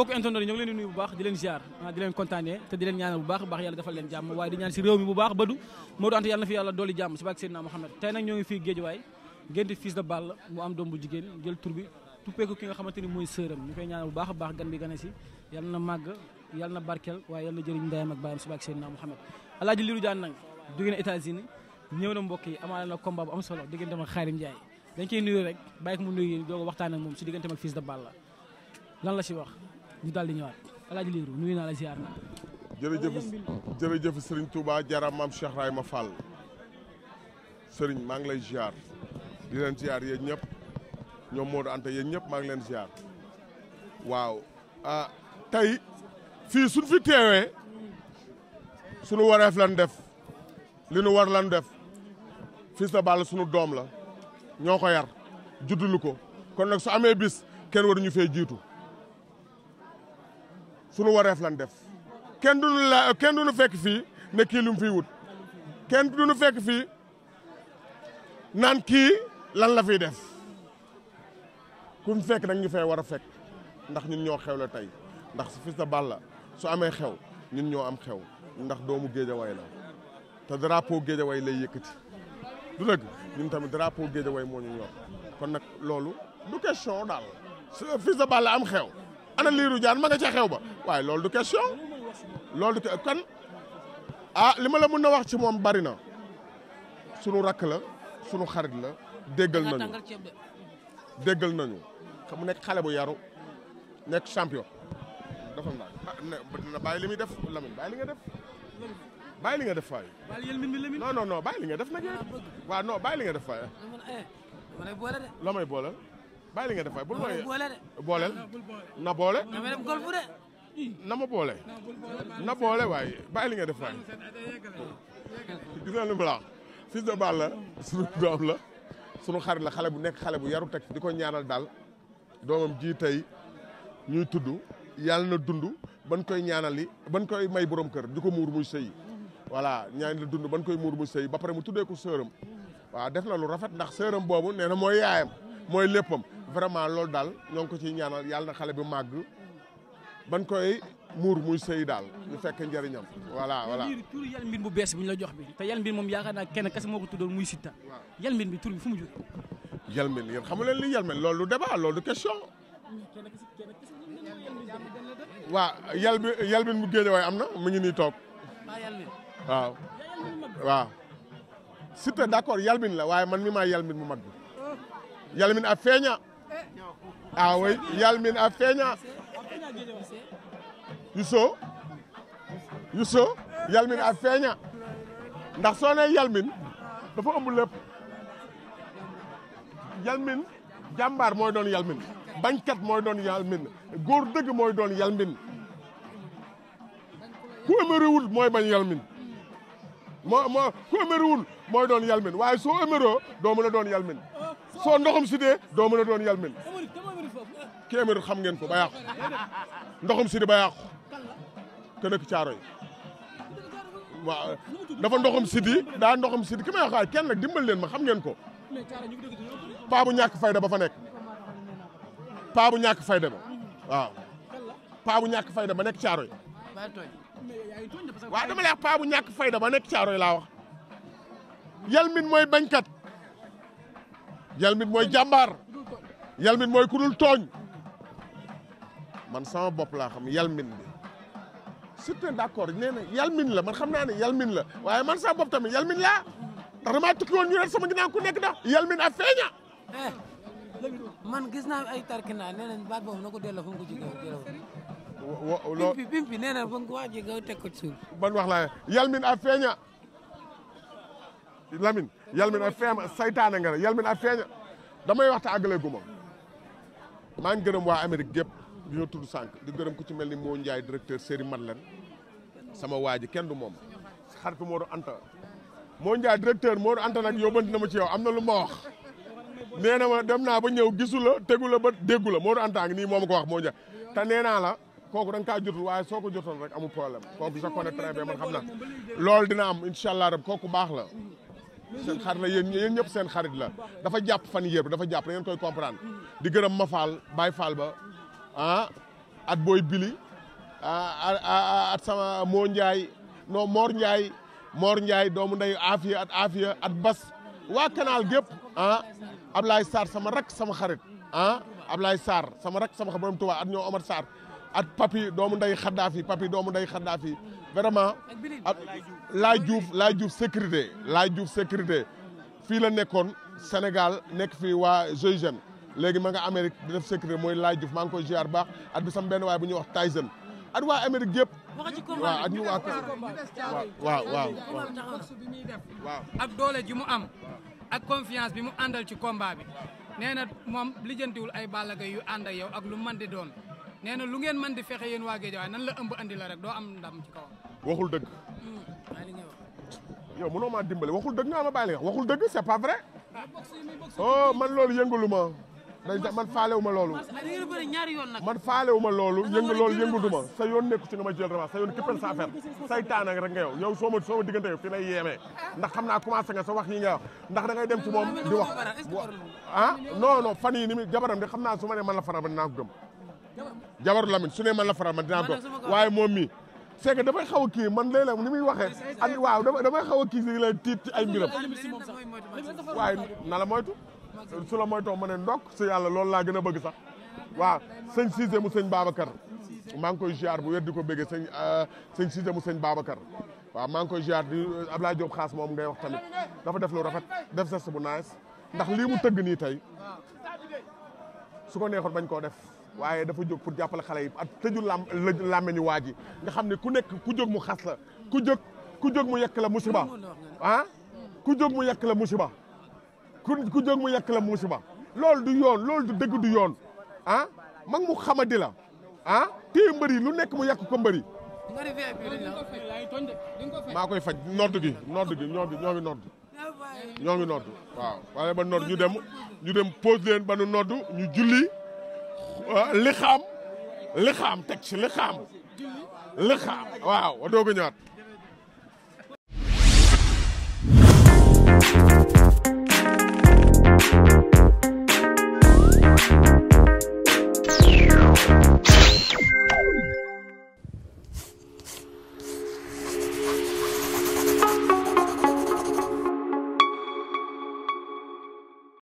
mbokk internet yi ñoo ngi leen di nuyu bu baax di leen ziar ah, di leen kontaanee te di leen ñaanal bu baax baax yàlla defal leen jàmm waaye di ñaan si réew mi bu baax badu Modou Anta yàlla na fi yàlla dooli jàmm si baak Seydina Mouhamed tey nag ñoo ngi fii Géejawaay génte fils de Balla mu am doom bu jigéen jël tur bi ki nga xamante ni mooy sëram ñu koy ñaanal bu baax baax gan bi gane yàlla na màgg yàlla na barkeel waaye yàlla na jëriñ ndeyam ak baayam si baak Seydina Mouhamed alaaji na États-Unis ñëw na mbokk yi amaale na combat bu am solo diggante ak Xaadim Njaay dañ koy nuyu rek bàyyi ko waxtaan moom si diggante ak fils de lan la si wax ñu daal di ñëwaat Alaaji Liiru nuyu naa la ziar na jërëjëf jërëjëf sëriñ Touba jaaraam maam Cheikh Rayma Fall sëriñ maa ngi lay ziar di leen ziar yéen ñëpp ñoom Modou Anta yéen ñëpp maa ngi leen ziar waaw ah tey fii suñ fi teewee sunu wareef lan def li nu war lan def fii de Balla sunu doom la ñoo ko yar juddulu ko kon nag su amee bis kenn waruñu fee jiitu sunu wareef lan def kenn duñu la kenn duñu fekk fii ne kii lu mu fiy wut kenn duñu fekk fii naan kii lan la fiy def ku mu fekk nag ñu fay war a fekk ndax ñun ñoo xew la tey ndax su Fils de la su amee xew ñun ñoo am xew ndax doomu Géejawaay la te drapeau Géejawaay lay yëkkati du dëgg ñun tamit drapeau Géejawaay moo ñu ñor kon nag loolu du question daal su Fils de Balla am xew ana liiru jaan ma nga ca xew ba waaye loolu du question loolu du kan ah li ma la mën a wax ci moom bari na sunu rakk la sunu xarit la déggal nañu déggal nañu xam mu nekk xale bu yaru nekk champion dafa na bàyyi li muy def Lamine bàyyi li nga def bàyyi li nga def faay non non non bàyyi li nga def nag waaw non bàyyi li nga def faay loo may boole bàyyi li nga def fay bul boole booleel na boole na ma boole na boole waaye bàyyi li nga def fay gis nga lu mu la Fils de Balla sunu doom la sunu xarit la xale bu nekk xale bu yaru teg di ko ñaanal daal doomam ji tey ñuy tudd yàlla na dund ban koy ñaanal li ban koy may borom kër di ko muur muy sëy voilà ñaan la dund ban koy muur muy sëy ba pare mu tuddee ko sëram waaw def na lu rafet ndax sëram boobu nee na mooy yaayam mooy léppam vraiment loolu daal ñoo ko ciy ñaanal yàlla na xale bi màgg ban koy muur muy sëy daal ñu fekkee njariñam voilà voilà tur yal mbir bu bees bi ñu la jox bi te yal mbir moom yaakaar naa kenn kese moo ko tuddoon muy Siteu yal mbir bi tur bi fu mu jóg yal mbir yéen xamu li yal loolu du débat loolu du bu géej waaye am na mu ngi nii toog la waaye mi maa mu mag bi yal mbir a feeña awoy ah yalmin a feeña yuso yuso yalmin a feeña ndax soo nee yalmin dafa ëmb lépp yalmin jàmbaar mooy doon yalmin bañkat mooy doon yalmin góor dëgg mooy doon yalmin ku éméréwul mooy bañ yalmin moo moo ku éméréwul mooy doon yalmin waaye soo éméroo doo mën a doon yalmin soo ndoxam si doo mën a doon yalmin ki xam ngeen ko ba yàqu ndoxum sidi ba yàqu te nekk caaro yi waaw dafa ndoxum sidi daa ndoxum sidi ki may kenn nag dimbal leen ma xam ngeen ko paa bu ñàkk fayda ba fa nekk paa bu ñàkk fayda ba bu ñàkk fayda ba nekk caaro yi waaw dama lay wax paa ñàkk fayda ba nekk caaro yi laa wax yal min mooy bañkat yal min mooy jàmbaar yal min mooy ku tooñ man sama bop la xam yalmin bi surtout d'accord nee yalmin la man xam na ne yalmin la waye man sama bop tam yalmin la ndax damaa tukki won ñu ne sama ginnaaw ku nekk da yalmin a feña eh, man gis na ay tarkina nee nañ baat boobu na ko fu mu ko jógee jëloo loo bimpi bimpi nee na fa nga ci ban wax la yalmin a feña lamin yalmin a feeña saytaane nga yalmin a feña damay ta agale guma man gëreum wa amerique gep di nga sànq di gërëm ku ci mel ni moo Ndiaye directeur Série Madeleine sama waa ji kenn du moom xaritu Modou Anta moo Ndiaye moo Modou Anta nag yóbbanti na ma ci yow am na lu ma wax nee na ma dem naa ba ñëw gisu la tegu ba déggu la Modou Anta ngi nii moom ko wax moo Ndiaye te neenaa naa la kooku da kaa jotul waaye soo ko jotoon rek amu problème kooku je connais très man xam naa loolu dina am incha allah rek kooku baax la seen xarit la yéen yéen ñëpp seen xarit la dafa jàpp fan yëpp dafa jàpp da koy comprendre di gërëm ma faal bàyyi faal ba ah at booy bili ah, ah, ah at sama moo Ndiaye non moor Ndiaye Mor Ndiaye doomu ndeyu Afia at Afia at Bas waa canal gépp ah laay Sarr sama rak sama xarit ah laay Sarr sama rak sama xarit borom Tuubaa at ñoo Omar Sarr at papi doomu nday Xaddaafi papi doomu nday Xaddaafi vraiment ak Laay Diouf Laay Diouf sécurité Laay Diouf sécurité fii la nekkoon Sénégal nekk fii waa GIGN léegi ma nga Amérique di def secret moy lay Diouf maa ngi koy ziar baax at bi sam ben way bu ñu wax Tyson at wa Amérique gep wa at ñu waa wa wa wa ak doole ji mu am. ak confiance bi mu andal ci combat bi. nee na moom wul ay Balla Gaye yu and ak yow ak lu mën di doon neena lu ngeen mën di fexé yeen wa Guédiawaye nan la ëmb andi la rek do am ndam ci kaw waxul deug hmm, yo mënoo maa waxul deug nga ma bayli waxul deug c'est pas vrai. Ah. oh man lolou yëngalu ma. day man faalewu ma loolu man faalewu ma loolu yëngu loolu yëngutuma sa yoon nekku ci nga ma jël revanche sa yoon képpel sa affaire saytaan ak rek nga yow yow soo ma soo ma diggante yow fii lay yeemee ndax xam naa commencé nga sa wax yi nga wax ndax da dem ci moom di wax ah non non fan yi ni mi jabaram de xam naa su ma ne man la faral ma dinaa ko gëm jabaru Lamine su ne man la faral ma dinaa ko gëm waaye moom mi c'est que dafay xaw a kii man léeg-léeg ni muy waxee ak waaw damay xaw a kii si la tiit ci ay mbiram waaye na la moytu su la moytoo ma ne ndokk su yàlla loolu laa gën a bëgg sax waaw sëñ Cissé mu sëñ Babacar maa ngi koy ziar bu wér di ko bëggee sëñ euh, sëñ Cissé mu sëñ Babacar waaw maa ngi koy ziar di euh, Abdoulaye Diop xaas moom ngay wax tamit dafa def lu rafet def geste bu nice ndax lii mu tëgg nii tey su ko neexoon bañ koo def waaye dafa jóg pour jàppale xale yi ak tëju lam làmme ñu waa ji nga xam ne ku nekk ku jóg mu xas la ku jóg ku jóg mu yekk la musiba ah ku jóg mu yekk la musiba ku ku jóg mu yekk la musiba loolu du yoon loolu du dëgg du yoon ah mag mu xamadi la ah téye yi lu nekk mu yàq ko mbër maa koy faj nodd gi nodd gi ñoo ngi ñoo ngi nodd ñoo ngi nodd waaw waaye ba nodd ñu dem ñu dem pose ba nu nodd ñu julli li xaam li xaam teg ci li xaam waaw wa